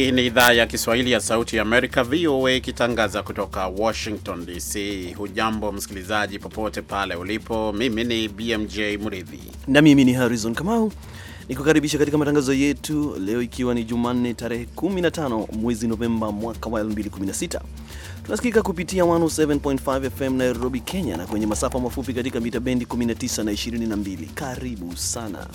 Hii ni idhaa ya Kiswahili ya Sauti ya Amerika, VOA, ikitangaza kutoka Washington DC. Hujambo msikilizaji, popote pale ulipo. Mimi ni BMJ Mridhi na mimi ni Harrison Kamau nikukaribisha katika matangazo yetu leo, ikiwa ni Jumanne tarehe 15 mwezi Novemba mwaka wa 2016. Tunasikika kupitia 107.5 FM Nairobi, Kenya, na kwenye masafa mafupi katika mita bendi 19 na 22. Karibu sana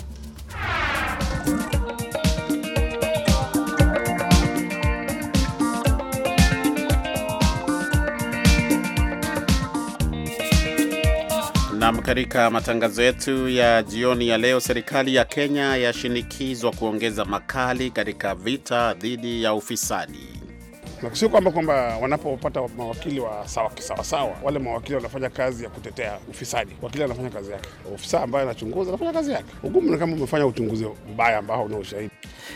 Nam, katika matangazo yetu ya jioni ya leo, serikali ya Kenya yashinikizwa kuongeza makali katika vita dhidi ya ufisadi. Sio kwamba kwamba wanapopata mawakili wa sawa kisawasawa, wale mawakili wanafanya kazi ya kutetea ufisadi. Wakili anafanya kazi yake, ofisa ambaye anachunguza anafanya kazi yake. Ugumu ni kama umefanya uchunguzi mbaya ambao una ushahidi.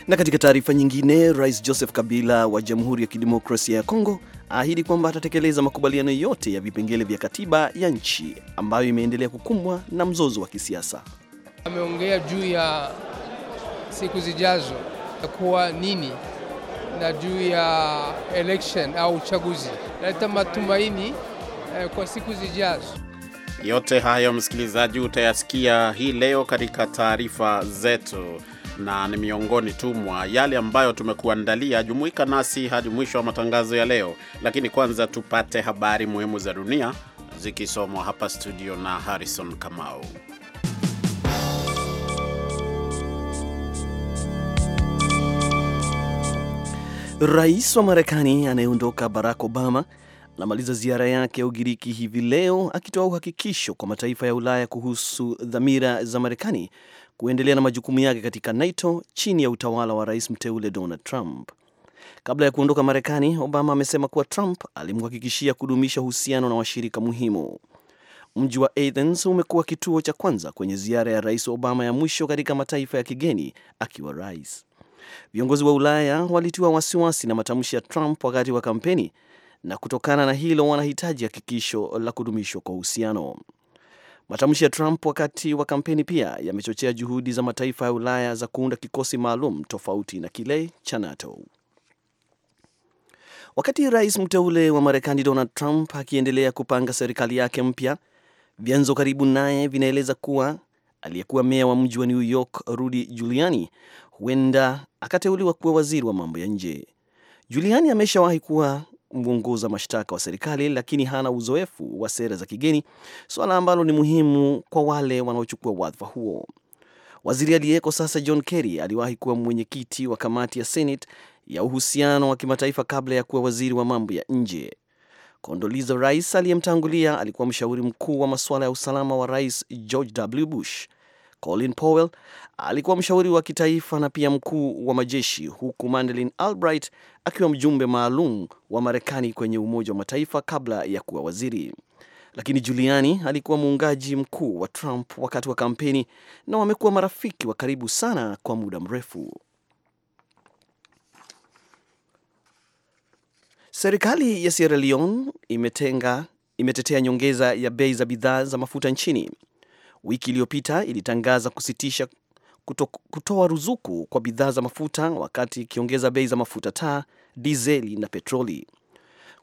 Na katika taarifa nyingine, Rais Joseph Kabila wa Jamhuri ya Kidemokrasia ya Kongo aahidi kwamba atatekeleza makubaliano yote ya vipengele vya katiba ya nchi ambayo imeendelea kukumbwa na mzozo wa kisiasa. Ameongea juu ya siku zijazo kuwa nini na juu ya election au uchaguzi, naleta matumaini eh, kwa siku zijazo. Yote hayo msikilizaji, utayasikia hii leo katika taarifa zetu na ni miongoni tu mwa yale ambayo tumekuandalia. Jumuika nasi hadi mwisho wa matangazo ya leo, lakini kwanza tupate habari muhimu za dunia zikisomwa hapa studio na Harrison Kamau. Rais wa Marekani anayeondoka Barack Obama anamaliza ziara yake ya Ugiriki hivi leo akitoa uhakikisho kwa mataifa ya Ulaya kuhusu dhamira za Marekani kuendelea na majukumu yake katika NATO chini ya utawala wa rais mteule Donald Trump. Kabla ya kuondoka Marekani, Obama amesema kuwa Trump alimhakikishia kudumisha uhusiano na washirika muhimu. Mji wa Athens umekuwa kituo cha kwanza kwenye ziara ya rais Obama ya mwisho katika mataifa ya kigeni akiwa rais. Viongozi wa Ulaya walitiwa wasiwasi na matamshi ya Trump wakati wa kampeni, na kutokana na hilo wanahitaji hakikisho la kudumishwa kwa uhusiano. Matamshi ya Trump wakati wa kampeni pia yamechochea juhudi za mataifa ya Ulaya za kuunda kikosi maalum tofauti na kile cha NATO. Wakati rais mteule wa Marekani Donald Trump akiendelea kupanga serikali yake mpya, vyanzo karibu naye vinaeleza kuwa aliyekuwa meya wa mji wa New York Rudy Giuliani huenda akateuliwa kuwa waziri wa mambo ya nje. Giuliani ameshawahi kuwa mwongoza mashtaka wa serikali, lakini hana uzoefu wa sera za kigeni, suala ambalo ni muhimu kwa wale wanaochukua wadhifa huo. Waziri aliyeko sasa John Kerry aliwahi kuwa mwenyekiti wa kamati ya Senate ya uhusiano wa kimataifa kabla ya kuwa waziri wa mambo ya nje. Kondoliza Rice aliyemtangulia alikuwa mshauri mkuu wa masuala ya usalama wa rais George W. Bush Colin Powell alikuwa mshauri wa kitaifa na pia mkuu wa majeshi, huku Madeleine Albright akiwa mjumbe maalum wa Marekani kwenye Umoja wa Mataifa kabla ya kuwa waziri. Lakini Giuliani alikuwa muungaji mkuu wa Trump wakati wa kampeni na wamekuwa marafiki wa karibu sana kwa muda mrefu. Serikali ya Sierra Leone imetenga imetetea nyongeza ya bei za bidhaa za mafuta nchini wiki iliyopita ilitangaza kusitisha kuto, kutoa ruzuku kwa bidhaa za mafuta wakati ikiongeza bei za mafuta taa, dizeli na petroli.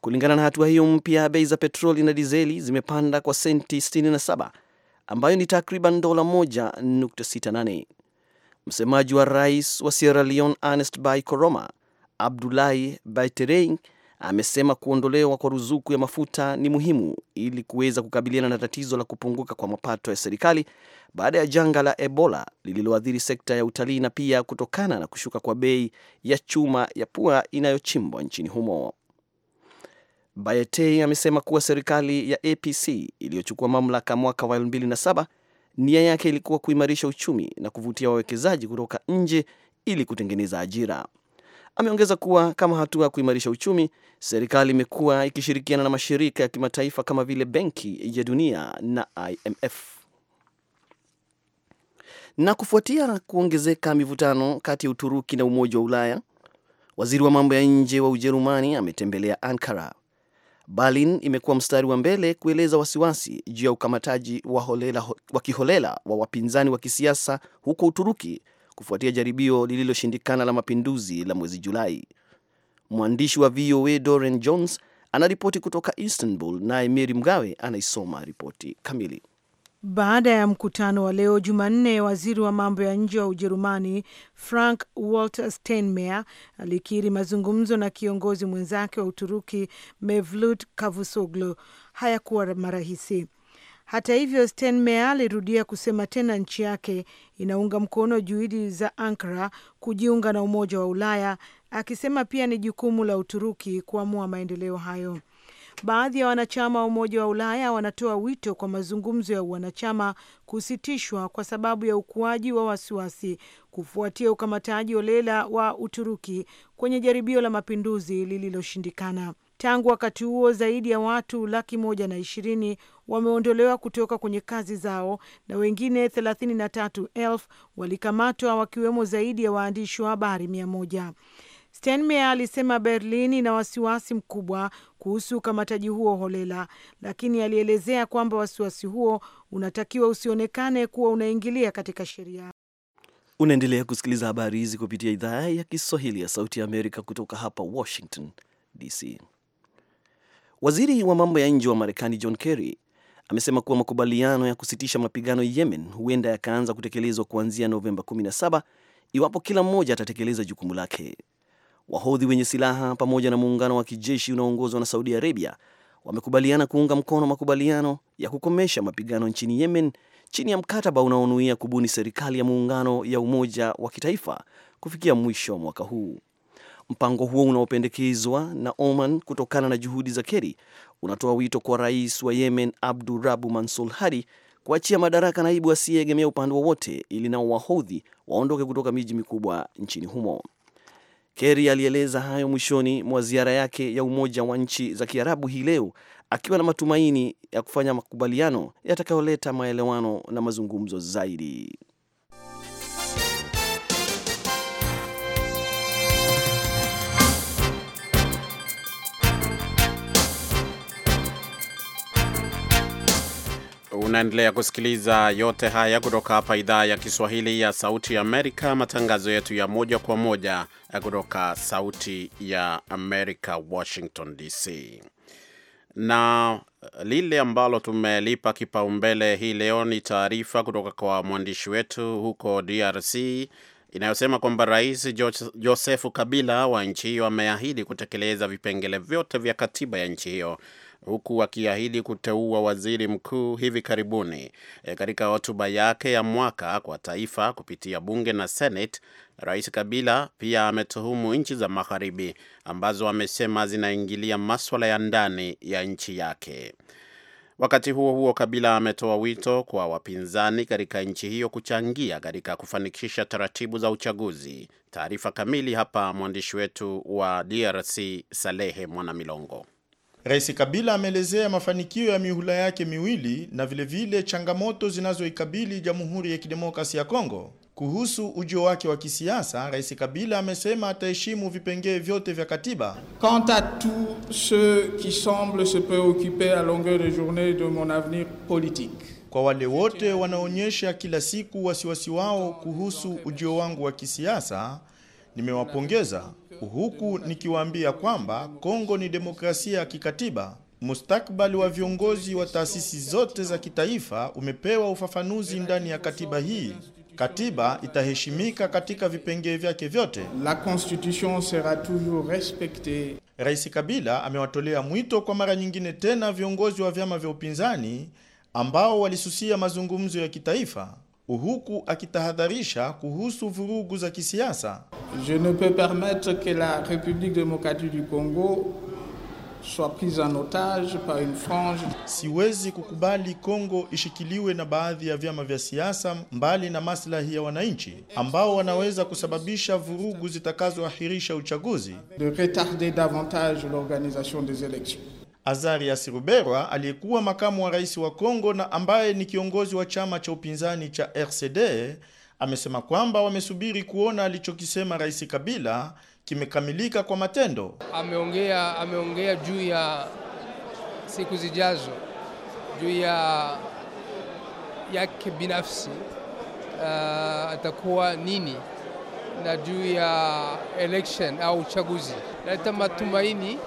Kulingana na hatua hiyo mpya, bei za petroli na dizeli zimepanda kwa senti 67 ambayo ni takriban dola 1.68. Msemaji wa rais wa Sierra Leone Ernest Bai Koroma Abdulahi baiterei amesema kuondolewa kwa ruzuku ya mafuta ni muhimu ili kuweza kukabiliana na tatizo la kupunguka kwa mapato ya serikali baada ya janga la Ebola lililoathiri sekta ya utalii na pia kutokana na kushuka kwa bei ya chuma ya pua inayochimbwa nchini humo. Bayetei amesema kuwa serikali ya APC iliyochukua mamlaka mwaka wa 2007 nia yake ilikuwa kuimarisha uchumi na kuvutia wawekezaji kutoka nje ili kutengeneza ajira. Ameongeza kuwa kama hatua ya kuimarisha uchumi, serikali imekuwa ikishirikiana na mashirika ya kimataifa kama vile Benki ya Dunia na IMF. Na kufuatia kuongezeka mivutano kati ya Uturuki na Umoja wa Ulaya, waziri wa mambo ya nje wa Ujerumani ametembelea Ankara. Berlin imekuwa mstari wa mbele kueleza wasiwasi juu ya ukamataji wa kiholela wa wapinzani wa kisiasa huko Uturuki kufuatia jaribio lililoshindikana la mapinduzi la mwezi Julai. Mwandishi wa VOA Doren Jones anaripoti kutoka Istanbul, naye Meri Mgawe anaisoma ripoti kamili. Baada ya mkutano wa leo Jumanne, waziri wa mambo ya nje wa Ujerumani Frank Walter Steinmeier alikiri mazungumzo na kiongozi mwenzake wa Uturuki Mevlut Cavusoglu hayakuwa marahisi. Hata hivyo, Steinmeier alirudia kusema tena nchi yake inaunga mkono juhudi za Ankara kujiunga na Umoja wa Ulaya, akisema pia ni jukumu la Uturuki kuamua maendeleo hayo. Baadhi ya wanachama wa Umoja wa Ulaya wanatoa wito kwa mazungumzo ya wanachama kusitishwa kwa sababu ya ukuaji wa wasiwasi kufuatia ukamataji holela wa Uturuki kwenye jaribio la mapinduzi lililoshindikana. Tangu wakati huo zaidi ya watu laki moja na ishirini wameondolewa kutoka kwenye kazi zao na wengine thelathini na tatu elfu walikamatwa wakiwemo zaidi ya waandishi wa habari mia moja. Steinmeier alisema Berlin ina wasiwasi mkubwa kuhusu ukamataji huo holela, lakini alielezea kwamba wasiwasi huo unatakiwa usionekane kuwa unaingilia katika sheria. Unaendelea kusikiliza habari hizi kupitia idhaa ya Kiswahili ya Sauti ya Amerika kutoka hapa Washington DC. Waziri wa mambo ya nje wa Marekani John Kerry amesema kuwa makubaliano ya kusitisha mapigano Yemen huenda yakaanza kutekelezwa kuanzia Novemba 17 iwapo kila mmoja atatekeleza jukumu lake. Wahodhi wenye silaha pamoja na muungano wa kijeshi unaoongozwa na Saudi Arabia wamekubaliana kuunga mkono makubaliano ya kukomesha mapigano nchini Yemen chini ya mkataba unaonuia kubuni serikali ya muungano ya umoja wa kitaifa kufikia mwisho wa mwaka huu. Mpango huo unaopendekezwa na Oman kutokana na juhudi za Kerry unatoa wito kwa rais wa Yemen Abdu Rabu Mansur Hadi kuachia madaraka naibu asiyeegemea upande wowote ili nao wahodhi waondoke kutoka miji mikubwa nchini humo. Kerry alieleza hayo mwishoni mwa ziara yake ya Umoja wa Nchi za Kiarabu hii leo akiwa na matumaini ya kufanya makubaliano yatakayoleta maelewano na mazungumzo zaidi. Unaendelea kusikiliza yote haya kutoka hapa idhaa ya Kiswahili ya Sauti ya Amerika, matangazo yetu ya moja kwa moja kutoka Sauti ya Amerika, Washington DC. Na lile ambalo tumelipa kipaumbele hii leo ni taarifa kutoka kwa mwandishi wetu huko DRC inayosema kwamba Rais Joseph Kabila wa nchi hiyo ameahidi kutekeleza vipengele vyote vya katiba ya nchi hiyo huku akiahidi kuteua waziri mkuu hivi karibuni. E, katika hotuba yake ya mwaka kwa taifa kupitia bunge na Senate, Rais Kabila pia ametuhumu nchi za magharibi ambazo amesema zinaingilia maswala ya ndani ya nchi yake. Wakati huo huo, Kabila ametoa wito kwa wapinzani katika nchi hiyo kuchangia katika kufanikisha taratibu za uchaguzi. Taarifa kamili hapa mwandishi wetu wa DRC Salehe Mwanamilongo. Rais Kabila ameelezea mafanikio ya mihula yake miwili na vilevile vile changamoto zinazoikabili Jamhuri ya Kidemokrasia ya Kongo. Kuhusu ujio wake wa kisiasa, Rais Kabila amesema ataheshimu vipengee vyote vya katiba. Quant à tous ceux qui semblent se préoccuper à longueur de journée de mon avenir politique kwa wale wote wanaonyesha kila siku wasiwasi wao kuhusu ujio wangu wa kisiasa, nimewapongeza huku nikiwaambia kwamba Kongo ni demokrasia ya kikatiba. Mustakbali wa viongozi wa taasisi zote za kitaifa umepewa ufafanuzi ndani ya katiba hii. Katiba itaheshimika katika vipengee vyake vyote. La constitution sera toujours respectee. Rais Kabila amewatolea mwito kwa mara nyingine tena viongozi wa vyama vya upinzani ambao walisusia mazungumzo ya kitaifa huku akitahadharisha kuhusu vurugu za kisiasa. Je ne peux permettre que la République démocratique du Congo soit prise en otage par une frange. Siwezi kukubali Kongo ishikiliwe na baadhi ya vyama vya siasa mbali na maslahi ya wananchi ambao wanaweza kusababisha vurugu zitakazoahirisha uchaguzi. De retarder davantage l'organisation des élections. Azarias Ruberwa aliyekuwa makamu wa rais wa Kongo na ambaye ni kiongozi wa chama cha upinzani cha RCD amesema kwamba wamesubiri kuona alichokisema Rais Kabila kimekamilika kwa matendo. Ameongea, ameongea juu ya siku zijazo, juu ya yake binafsi uh, atakuwa nini na juu ya election au uchaguzi, naleta matumaini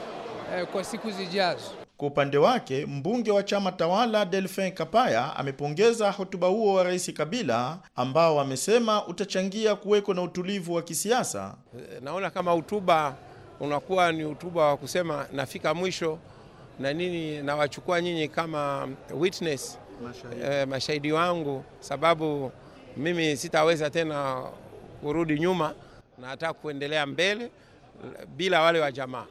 eh, kwa siku zijazo. Kwa upande wake mbunge wa chama tawala Delphin Kapaya amepongeza hotuba huo wa Rais Kabila ambao amesema utachangia kuweko na utulivu wa kisiasa. Eh, naona kama hotuba unakuwa ni hotuba wa kusema nafika mwisho na nini, nawachukua nyinyi kama witness mashahidi, eh, mashahidi wangu, sababu mimi sitaweza tena kurudi nyuma na hata kuendelea mbele bila wale wa jamaa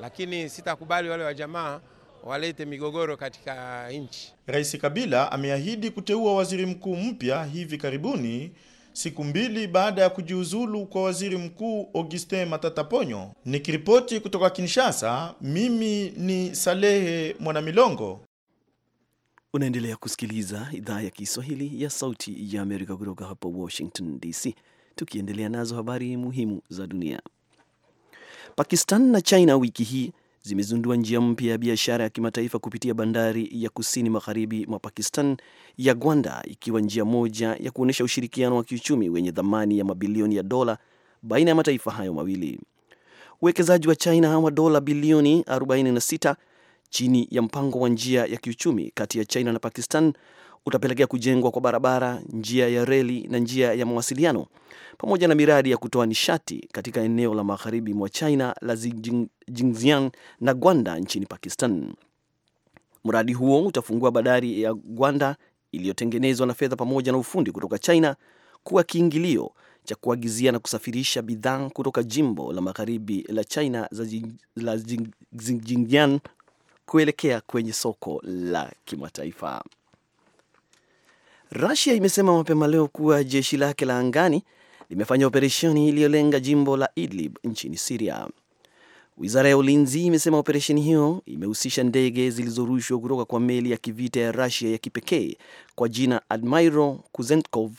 lakini sitakubali wale wa jamaa walete migogoro katika nchi. Rais Kabila ameahidi kuteua waziri mkuu mpya hivi karibuni, siku mbili baada ya kujiuzulu kwa waziri mkuu Augustin Matata Ponyo. Nikiripoti kutoka Kinshasa, mimi ni Salehe Mwanamilongo. Unaendelea kusikiliza idhaa ya Kiswahili ya Sauti ya Amerika kutoka hapa Washington DC, tukiendelea nazo habari muhimu za dunia. Pakistan na China wiki hii zimezindua njia mpya ya biashara ya kimataifa kupitia bandari ya kusini magharibi mwa Pakistan ya Gwanda, ikiwa njia moja ya kuonyesha ushirikiano wa kiuchumi wenye thamani ya mabilioni ya dola baina ya mataifa hayo mawili. Uwekezaji wa China wa dola bilioni 46 chini ya mpango wa njia ya kiuchumi kati ya China na Pakistan utapelekea kujengwa kwa barabara, njia ya reli na njia ya mawasiliano pamoja na miradi ya kutoa nishati katika eneo la magharibi mwa China la Xinjiang na Gwanda nchini Pakistan. Mradi huo utafungua bandari ya Gwanda iliyotengenezwa na fedha pamoja na ufundi kutoka China kuwa kiingilio cha kuagizia na kusafirisha bidhaa kutoka jimbo la magharibi la China la Xinjiang kuelekea kwenye soko la kimataifa. Rusia imesema mapema leo kuwa jeshi lake la angani limefanya operesheni iliyolenga jimbo la Idlib nchini Siria. Wizara ya ulinzi imesema operesheni hiyo imehusisha ndege zilizorushwa kutoka kwa meli ya kivita ya Rusia ya kipekee kwa jina Admiral Kuzenkov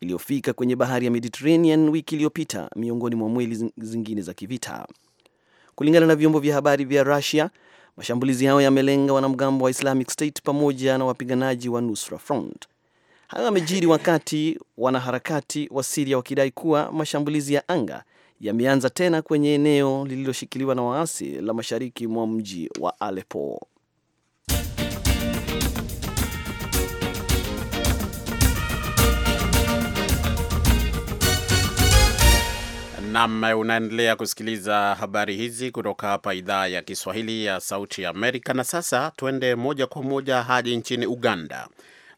iliyofika kwenye bahari ya Mediterranean wiki iliyopita, miongoni mwa meli zingine za kivita. Kulingana na vyombo vya habari vya Rusia, mashambulizi hayo yamelenga wanamgambo wa Islamic State pamoja na wapiganaji wa Nusra Front. Hayo yamejiri wakati wanaharakati wa Siria wakidai kuwa mashambulizi ya anga yameanza tena kwenye eneo lililoshikiliwa na waasi la mashariki mwa mji wa Aleppo. Nam, unaendelea kusikiliza habari hizi kutoka hapa idhaa ya Kiswahili ya Sauti ya Amerika. Na sasa tuende moja kwa moja hadi nchini Uganda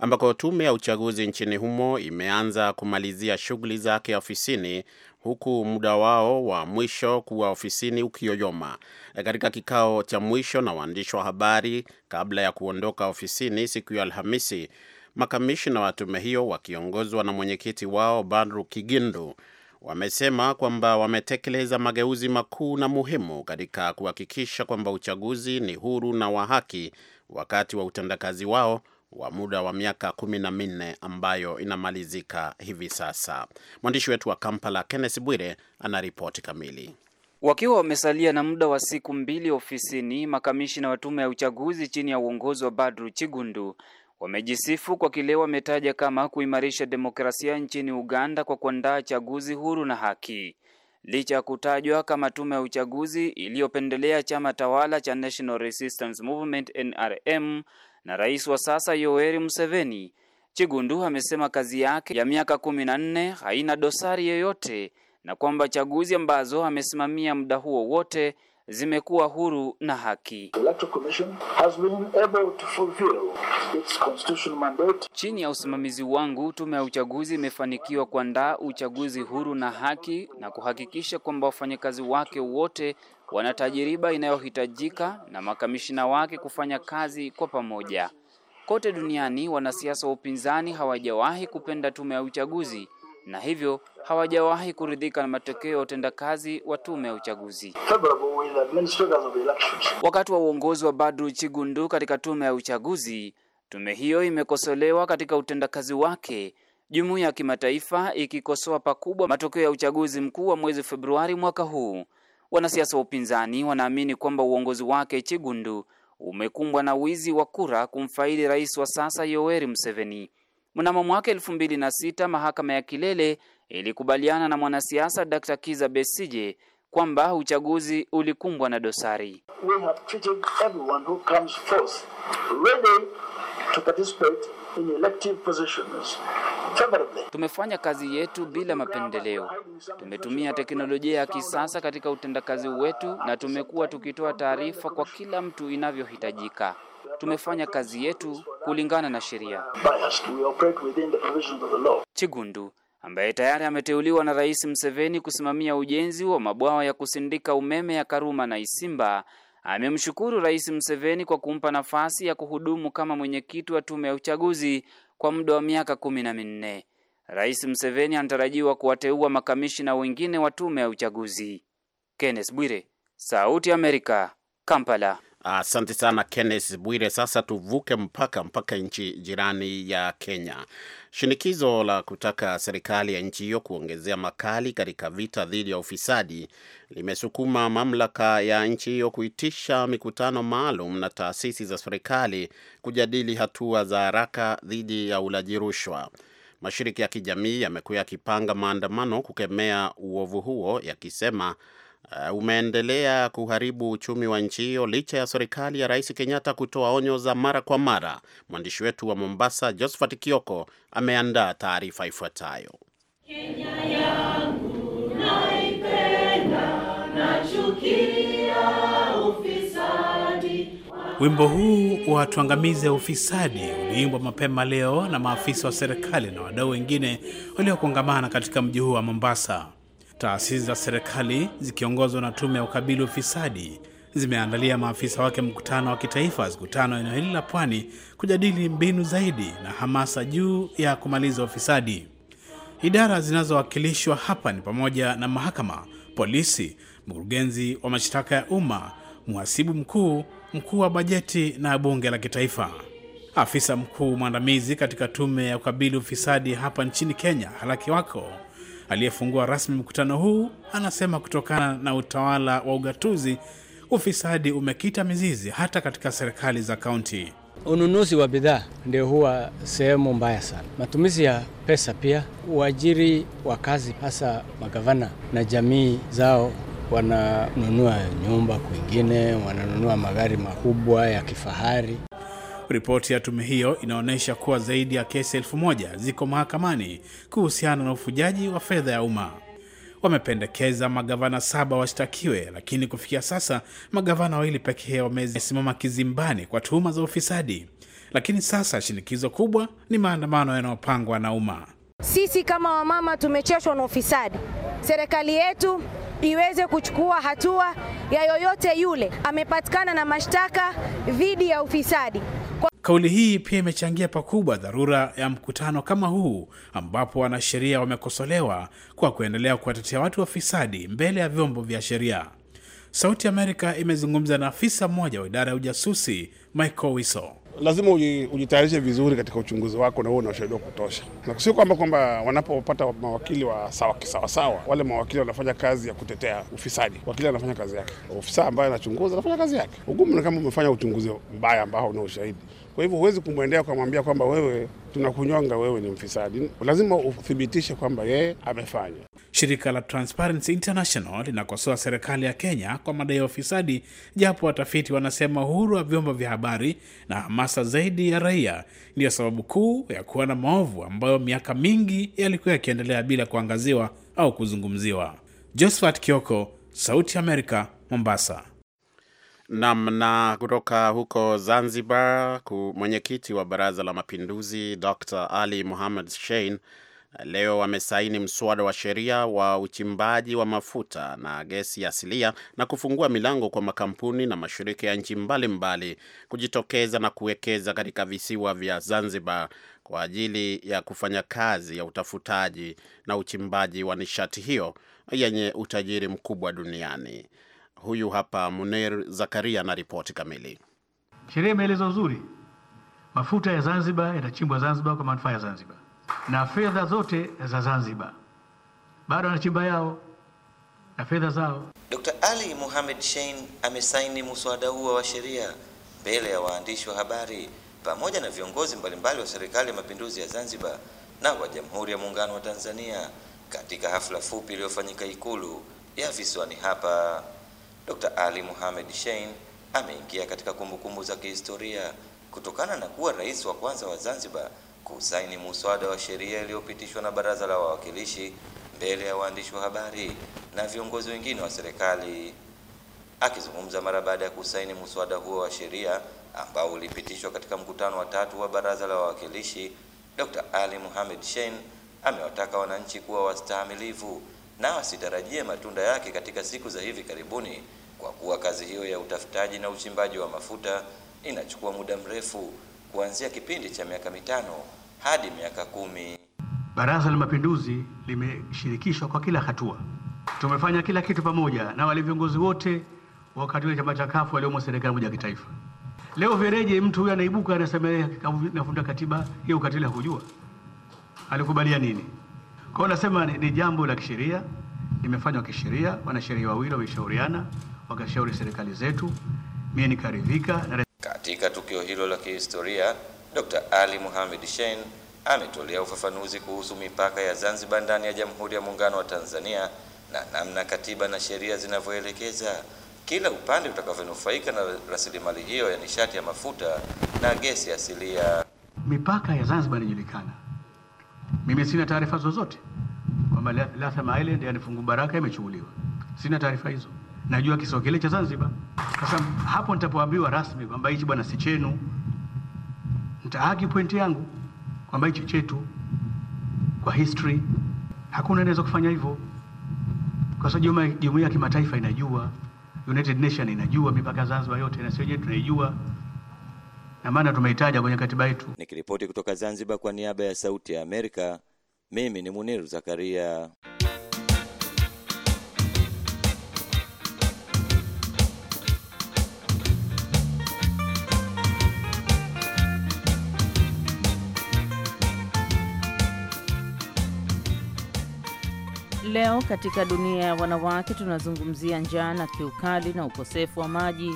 ambako tume ya uchaguzi nchini humo imeanza kumalizia shughuli zake ofisini huku muda wao wa mwisho kuwa ofisini ukioyoma. E, katika kikao cha mwisho na waandishi wa habari kabla ya kuondoka ofisini siku ya Alhamisi, makamishina wa tume hiyo wakiongozwa na mwenyekiti wao Badru Kigindu wamesema kwamba wametekeleza mageuzi makuu na muhimu katika kuhakikisha kwamba uchaguzi ni huru na wa haki wakati wa utendakazi wao wa muda wa miaka kumi na minne ambayo inamalizika hivi sasa. Mwandishi wetu wa Kampala Kenneth Bwire ana ripoti kamili. Wakiwa wamesalia na muda wa siku mbili ofisini, makamishina wa tume ya uchaguzi chini ya uongozi wa Badru Chigundu wamejisifu kwa kile wametaja kama kuimarisha demokrasia nchini Uganda kwa kuandaa chaguzi huru na haki. Licha ya kutajwa kama tume ya uchaguzi iliyopendelea chama tawala cha National Resistance Movement NRM na rais wa sasa Yoweri Museveni, Chigundu amesema kazi yake ya miaka kumi na nne haina dosari yoyote na kwamba chaguzi ambazo amesimamia muda huo wote zimekuwa huru na haki. Chini ya usimamizi wangu, tume ya uchaguzi imefanikiwa kuandaa uchaguzi huru na haki na kuhakikisha kwamba wafanyakazi wake wote wana tajiriba inayohitajika na makamishina wake kufanya kazi kwa pamoja. Kote duniani wanasiasa wa upinzani hawajawahi kupenda tume ya uchaguzi na hivyo hawajawahi kuridhika na matokeo ya utendakazi wa tume ya uchaguzi. Wakati wa uongozi wa Badru Chigundu katika tume ya uchaguzi, tume hiyo imekosolewa katika utendakazi wake, jumuiya ya kimataifa ikikosoa pakubwa matokeo ya uchaguzi mkuu wa mwezi Februari mwaka huu. Wanasiasa wa upinzani wanaamini kwamba uongozi wake Chigundu umekumbwa na wizi wa kura kumfaidi rais wa sasa Yoweri Museveni. Mnamo mwaka elfu mbili na sita mahakama ya kilele ilikubaliana na mwanasiasa Dr. Kiza Besije kwamba uchaguzi ulikumbwa na dosari. We have treated everyone who comes forth ready to participate in elective positions Tumefanya kazi yetu bila mapendeleo. Tumetumia teknolojia ya kisasa katika utendakazi wetu na tumekuwa tukitoa taarifa kwa kila mtu inavyohitajika. Tumefanya kazi yetu kulingana na sheria. Chigundu ambaye tayari ameteuliwa na Rais Mseveni kusimamia ujenzi wa mabwawa ya kusindika umeme ya Karuma na Isimba amemshukuru Rais Mseveni kwa kumpa nafasi ya kuhudumu kama mwenyekiti wa tume ya uchaguzi kwa muda wa miaka kumi na minne. Rais Mseveni anatarajiwa kuwateua makamishina wengine wa tume ya uchaguzi. Kenneth Bwire, Sauti ya Amerika, Kampala. Asante uh, sana Kenneth Bwire. Sasa tuvuke mpaka mpaka nchi jirani ya Kenya. Shinikizo la kutaka serikali ya nchi hiyo kuongezea makali katika vita dhidi ya ufisadi limesukuma mamlaka ya nchi hiyo kuitisha mikutano maalum na taasisi za serikali kujadili hatua za haraka dhidi ya ulaji rushwa. Mashirika ya kijamii yamekuwa yakipanga maandamano kukemea uovu huo, yakisema uh, umeendelea kuharibu uchumi wa nchi hiyo licha ya serikali ya Rais Kenyatta kutoa onyo za mara kwa mara. Mwandishi wetu wa Mombasa, Josephat Kioko, ameandaa taarifa ifuatayo. Kenya yangu naipenda, ufisadi. Wimbo huu wa tuangamize ufisadi uliimbwa mapema leo na maafisa wa serikali na wadau wengine waliokongamana katika mji huu wa Mombasa. Taasisi za serikali zikiongozwa na tume ya ukabili ufisadi zimeandalia maafisa wake mkutano wa kitaifa siku tano eneo hili la pwani kujadili mbinu zaidi na hamasa juu ya kumaliza ufisadi. Idara zinazowakilishwa hapa ni pamoja na mahakama, polisi, mkurugenzi wa mashtaka ya umma, mhasibu mkuu, mkuu wa bajeti na bunge la kitaifa. Afisa mkuu mwandamizi katika tume ya ukabili ufisadi hapa nchini Kenya, Halaki Wako Aliyefungua rasmi mkutano huu anasema kutokana na utawala wa ugatuzi, ufisadi umekita mizizi hata katika serikali za kaunti. Ununuzi wa bidhaa ndio huwa sehemu mbaya sana, matumizi ya pesa pia, uajiri wa kazi, hasa magavana na jamii zao wananunua nyumba kwingine, wananunua magari makubwa ya kifahari. Ripoti ya tume hiyo inaonyesha kuwa zaidi ya kesi elfu moja ziko mahakamani kuhusiana na ufujaji wa fedha ya umma. Wamependekeza magavana saba washtakiwe, lakini kufikia sasa magavana wawili pekee wamesimama kizimbani kwa tuhuma za ufisadi. Lakini sasa shinikizo kubwa ni maandamano yanayopangwa na umma. Sisi kama wamama tumechoshwa na ufisadi. Serikali yetu iweze kuchukua hatua ya yoyote yule amepatikana na mashtaka dhidi ya ufisadi. Kauli hii pia imechangia pakubwa dharura ya mkutano kama huu ambapo wanasheria wamekosolewa kwa kuendelea kuwatetea watu wafisadi mbele ya vyombo vya sheria. Sauti Amerika imezungumza na afisa mmoja wa idara ya ujasusi Michael Wiso lazima ujitayarishe vizuri katika uchunguzi wako na uwe na ushahidi wa kutosha. Sio kwamba kwamba wanapopata mawakili wa sawa kisawasawa, wale mawakili wanafanya kazi ya kutetea ufisadi. Wakili anafanya kazi yake, ofisa ambaye anachunguza anafanya kazi yake. Ugumu ni kama umefanya uchunguzi mbaya ambao una ushahidi kwa hivyo huwezi kumwendea ukamwambia kwamba wewe tunakunyonga, wewe ni mfisadi. Lazima uthibitishe kwamba yeye amefanya. Shirika la Transparency International linakosoa serikali ya Kenya kwa madai ya ufisadi, japo watafiti wanasema uhuru wa vyombo vya habari na hamasa zaidi ya raia ndiyo sababu kuu ya kuwa na maovu ambayo miaka mingi yalikuwa yakiendelea bila kuangaziwa au kuzungumziwa. Josephat Kioko, Sauti ya Amerika, Mombasa. Nam. Na kutoka huko Zanzibar, mwenyekiti wa Baraza la Mapinduzi Dr Ali Muhammad Shein leo amesaini mswada wa sheria wa uchimbaji wa mafuta na gesi asilia na kufungua milango kwa makampuni na mashirika ya nchi mbalimbali kujitokeza na kuwekeza katika visiwa vya Zanzibar kwa ajili ya kufanya kazi ya utafutaji na uchimbaji wa nishati hiyo yenye utajiri mkubwa duniani. Huyu hapa Muner Zakaria na ripoti kamili. Sheria imeeleza uzuri, mafuta ya Zanzibar yatachimbwa Zanzibar kwa manufaa ya Zanzibar na fedha zote za Zanzibar bado anachimba yao na fedha zao. Dr. Ali muhamed Shein amesaini muswada huo wa sheria mbele ya waandishi wa habari pamoja na viongozi mbalimbali wa serikali ya mapinduzi ya Zanzibar na wa Jamhuri ya Muungano wa Tanzania katika hafla fupi iliyofanyika Ikulu ya visiwani hapa. Dr. Ali Mohamed Shein ameingia katika kumbukumbu za kihistoria kutokana na kuwa rais wa kwanza wa Zanzibar kusaini muswada wa sheria iliyopitishwa na Baraza la Wawakilishi mbele ya waandishi wa habari na viongozi wengine wa serikali. Akizungumza mara baada ya kusaini muswada huo wa sheria ambao ulipitishwa katika mkutano wa tatu wa Baraza la Wawakilishi, Dr. Ali Mohamed Shein amewataka wananchi kuwa wastahamilivu na wasitarajie matunda yake katika siku za hivi karibuni kwa kuwa kazi hiyo ya utafutaji na uchimbaji wa mafuta inachukua muda mrefu kuanzia kipindi cha miaka mitano hadi miaka kumi. Baraza la Mapinduzi limeshirikishwa kwa kila hatua. Tumefanya kila kitu pamoja na wale viongozi wote wakati ule chama cha kafu waliomo serikali moja ya kitaifa. Leo vereje, mtu huyo anaibuka anasema nafunda katiba hiyo, ukatili hakujua alikubalia nini? Kwa hiyo nasema ni, ni jambo la kisheria limefanywa kisheria, wanasheria wawili wameshauriana wakashauri serikali zetu, mimi nikaridhika. Katika tukio hilo la kihistoria, Dr. Ali muhamed Shein ametolea ufafanuzi kuhusu mipaka ya Zanzibar ndani ya Jamhuri ya Muungano wa Tanzania na namna katiba na sheria zinavyoelekeza kila upande utakavyonufaika na rasilimali hiyo ya nishati ya mafuta na gesi asilia. Mipaka ya Zanzibar inajulikana. Mimi sina taarifa zozote kwamba Latham Island, yani Fungu Baraka, imechukuliwa. Sina taarifa hizo najua Kiswahili cha Zanzibar. Sasa hapo nitapoambiwa rasmi kwamba hichi bwana si chenu, nitaaki pointi yangu kwamba hichi chetu kwa history. Hakuna anaweza kufanya hivyo, kwa sababu jumuiya ya kimataifa inajua, United Nation inajua mipaka Zanzibar yote, na sisi wenyewe tunaijua na maana tumeitaja kwenye katiba yetu. Nikiripoti kutoka Zanzibar kwa niaba ya Sauti ya Amerika, mimi ni Muniru Zakaria. Leo katika dunia ya wanawake tunazungumzia njaa na kiukali na ukosefu wa maji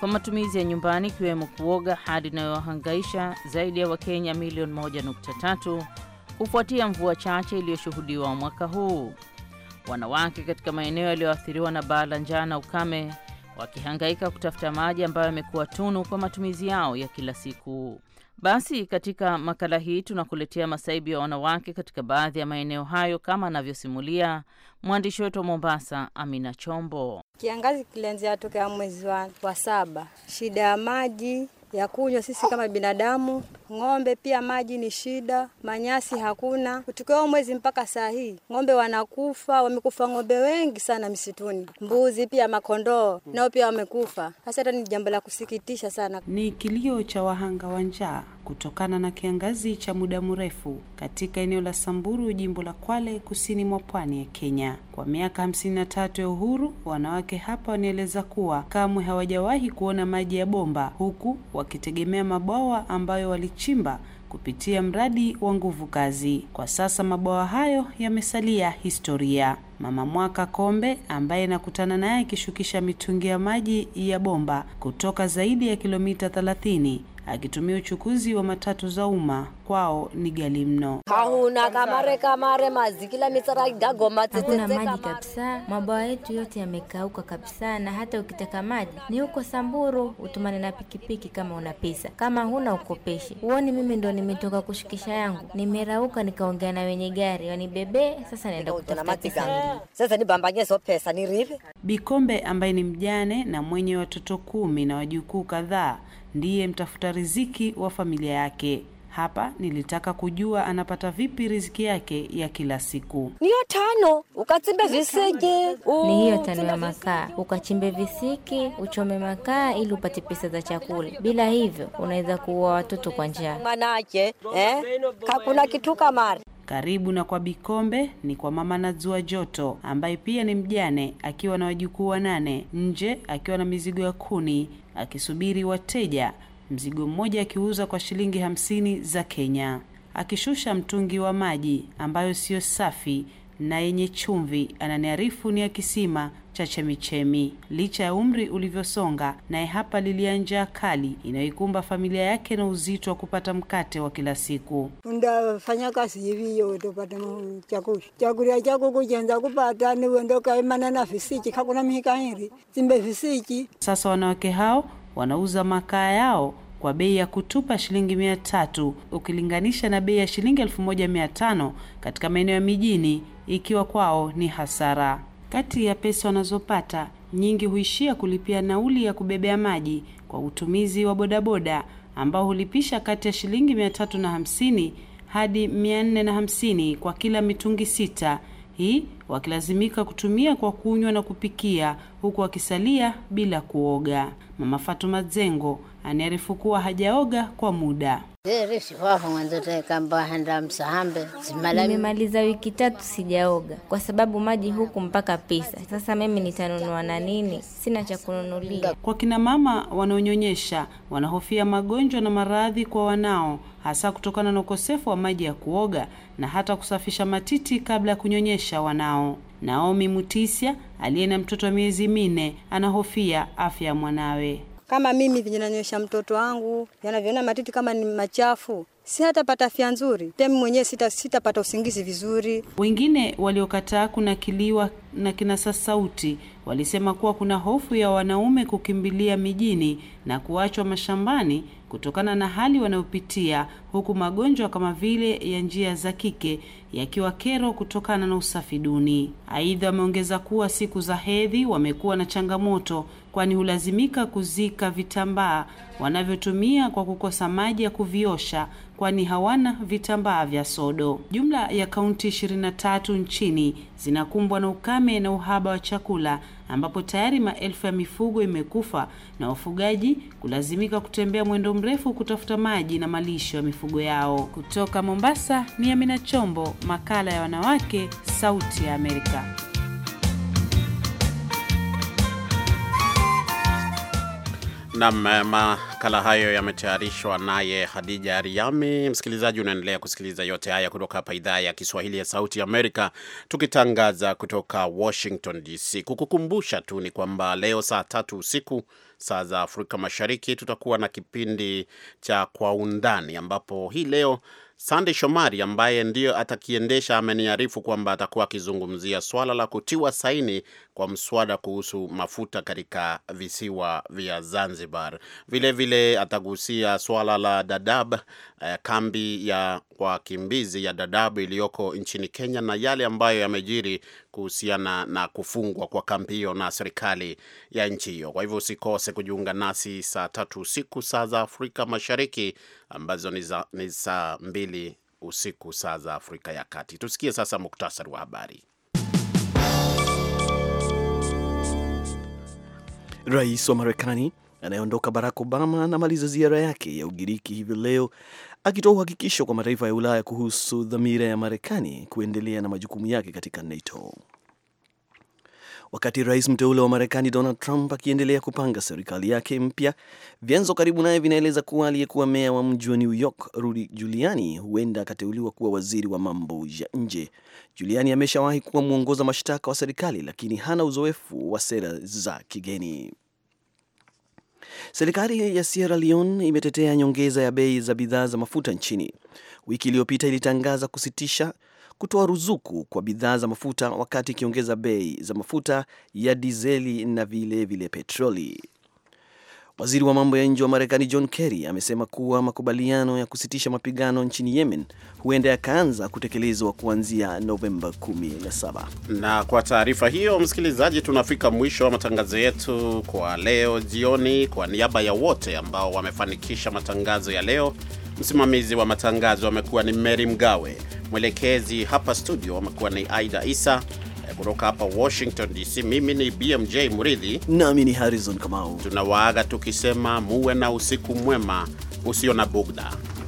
kwa matumizi ya nyumbani ikiwemo kuoga, hali inayowahangaisha zaidi ya Wakenya milioni 1.3 kufuatia mvua chache iliyoshuhudiwa mwaka huu. Wanawake katika maeneo yaliyoathiriwa na baa la njaa na ukame wakihangaika kutafuta maji ambayo yamekuwa tunu kwa matumizi yao ya kila siku. Basi katika makala hii tunakuletea masaibu ya wanawake katika baadhi ya maeneo hayo, kama anavyosimulia mwandishi wetu wa Mombasa, Amina Chombo. Kiangazi kilianzia tokea mwezi wa saba, shida ya maji ya kunywa sisi kama binadamu, ng'ombe pia maji ni shida, manyasi hakuna. Kutokea mwezi mpaka saa hii ng'ombe wanakufa, wamekufa ng'ombe wengi sana misituni, mbuzi pia, makondoo nao pia wamekufa. Hasa hata ni jambo la kusikitisha sana, ni kilio cha wahanga wa njaa kutokana na kiangazi cha muda mrefu katika eneo la Samburu, jimbo la Kwale, kusini mwa pwani ya Kenya. Kwa miaka 53 ya uhuru, wanawake hapa wanaeleza kuwa kamwe hawajawahi kuona maji ya bomba, huku wakitegemea mabwawa ambayo walichimba kupitia mradi wa nguvu kazi. Kwa sasa mabwawa hayo yamesalia historia. Mama Mwaka Kombe ambaye nakutana naye akishukisha mitungi ya maji ya bomba kutoka zaidi ya kilomita 30 akitumia uchukuzi wa matatu za umma kwao ni gali mno. Hauna kamare kamare mazi kila misara dagoma, hakuna maji kabisa. Mabwawa yetu yote yamekauka kabisa, na hata ukitaka maji ni huko Samburu, utumane na pikipiki kama una pesa, kama huna ukopeshe. Huoni mimi ndo nimetoka kushikisha yangu, nimerauka nikaongea na wenye gari wanibebee, sasa naenda kutafuta pesa. Sasa nibambanye so pesa niripe. Bikombe ambaye ni mjane na mwenye watoto kumi na wajukuu kadhaa ndiye mtafuta riziki wa familia yake. Hapa nilitaka kujua anapata vipi riziki yake ya kila siku. Niyo tano ukachimbe visiki ni hiyo tano ya makaa ukachimbe visiki uchome makaa ili upate pesa za chakula. Bila hivyo unaweza kuua watoto kwa njaa manake eh? kakuna kitu kamari karibu na kwa Bikombe ni kwa mama Nazua Joto ambaye pia ni mjane akiwa na wajukuu wanane nje akiwa na mizigo ya kuni akisubiri wateja, mzigo mmoja akiuza kwa shilingi hamsini za Kenya, akishusha mtungi wa maji ambayo siyo safi na yenye chumvi, ananiarifu ni ya kisima cha chemichemi. Licha ya umri ulivyosonga, naye hapa lilia njaa kali inayoikumba familia yake na uzito wa kupata mkate wa kila siku. Undafanya kazi hivi hiyo tupate chakula chakuria chako kuchenza kupata ni wendo kaimana na visichi kakuna mihikairi zimbe visichi. Sasa wanawake hao wanauza makaa yao kwa bei ya kutupa shilingi mia tatu ukilinganisha na bei ya shilingi elfu moja mia tano katika maeneo ya mijini, ikiwa kwao ni hasara. Kati ya pesa wanazopata nyingi huishia kulipia nauli ya kubebea maji kwa utumizi wa bodaboda ambao hulipisha kati ya shilingi mia tatu na hamsini hadi mia nne na hamsini kwa kila mitungi sita hii wakilazimika kutumia kwa kunywa na kupikia huku wakisalia bila kuoga. Mama Fatuma Zengo anaarifu kuwa hajaoga kwa muda. Nimemaliza wiki tatu sijaoga, kwa sababu maji huku mpaka pesa. Sasa mimi nitanunua na nini? Sina cha kununulia. Kwa kina mama wanaonyonyesha, wanahofia magonjwa na maradhi kwa wanao, hasa kutokana na ukosefu wa maji ya kuoga na hata kusafisha matiti kabla ya kunyonyesha wanao. Naomi Mutisya aliye na mtoto wa miezi minne anahofia afya ya mwanawe. Kama mimi venye nanyosha mtoto wangu yanavyoona matiti kama ni machafu, si hatapata afya nzuri, temi mwenyewe sitapata sita usingizi vizuri. Wengine waliokataa kunakiliwa na kinasa sauti walisema kuwa kuna hofu ya wanaume kukimbilia mijini na kuachwa mashambani kutokana na hali wanayopitia, huku magonjwa kama vile ya njia za kike yakiwa kero kutokana na usafi duni. Aidha, wameongeza kuwa siku za hedhi wamekuwa na changamoto, kwani hulazimika kuzika vitambaa wanavyotumia kwa kukosa maji ya kuviosha, kwani hawana vitambaa vya sodo. Jumla ya kaunti 23 nchini zinakumbwa na ukame ukame na uhaba wa chakula ambapo tayari maelfu ya mifugo imekufa na wafugaji kulazimika kutembea mwendo mrefu kutafuta maji na malisho ya mifugo yao. Kutoka Mombasa ni Amina Chombo, makala ya wanawake, Sauti ya Amerika. Nam, makala hayo yametayarishwa naye Hadija Riami. Msikilizaji, unaendelea kusikiliza yote haya kutoka hapa idhaa ya Kiswahili ya Sauti Amerika, tukitangaza kutoka Washington DC. Kukukumbusha tu ni kwamba leo saa tatu usiku saa za Afrika Mashariki tutakuwa na kipindi cha Kwa Undani, ambapo hii leo Sande Shomari ambaye ndiyo atakiendesha ameniarifu kwamba atakuwa akizungumzia swala la kutiwa saini kwa mswada kuhusu mafuta katika visiwa vya Zanzibar. Vilevile vile atagusia swala la dadab eh, kambi ya wakimbizi ya dadab iliyoko nchini Kenya na yale ambayo yamejiri kuhusiana na kufungwa kwa kambi hiyo na serikali ya nchi hiyo. Kwa hivyo usikose kujiunga nasi saa tatu usiku saa za Afrika Mashariki ambazo ni saa mbili usiku saa za Afrika ya Kati. Tusikie sasa muktasari wa habari. Rais wa Marekani anayeondoka Barack Obama anamaliza ziara yake ya Ugiriki hivi leo akitoa uhakikisho kwa mataifa ya Ulaya kuhusu dhamira ya Marekani kuendelea na majukumu yake katika NATO. Wakati rais mteule wa Marekani Donald Trump akiendelea kupanga serikali yake mpya, vyanzo karibu naye vinaeleza kuwa aliyekuwa meya wa mji wa New York Rudy Giuliani huenda akateuliwa kuwa waziri wa mambo ya nje. Giuliani ameshawahi kuwa mwongoza mashtaka wa serikali, lakini hana uzoefu wa sera za kigeni. Serikali ya Sierra Leone imetetea nyongeza ya bei za bidhaa za mafuta nchini. Wiki iliyopita ilitangaza kusitisha kutoa ruzuku kwa bidhaa za mafuta wakati ikiongeza bei za mafuta ya dizeli na vilevile vile petroli. Waziri wa mambo ya nje wa Marekani John Kerry amesema kuwa makubaliano ya kusitisha mapigano nchini Yemen huenda yakaanza kutekelezwa kuanzia Novemba 17. Na kwa taarifa hiyo, msikilizaji, tunafika mwisho wa matangazo yetu kwa leo jioni. Kwa niaba ya wote ambao wamefanikisha matangazo ya leo Msimamizi wa matangazo amekuwa ni Mary Mgawe, mwelekezi hapa studio amekuwa ni Aida Isa. Eh, kutoka hapa Washington DC, mimi ni BMJ Muridhi nami ni Harrison Kamau, tunawaaga tukisema muwe na usiku mwema usio na bugda.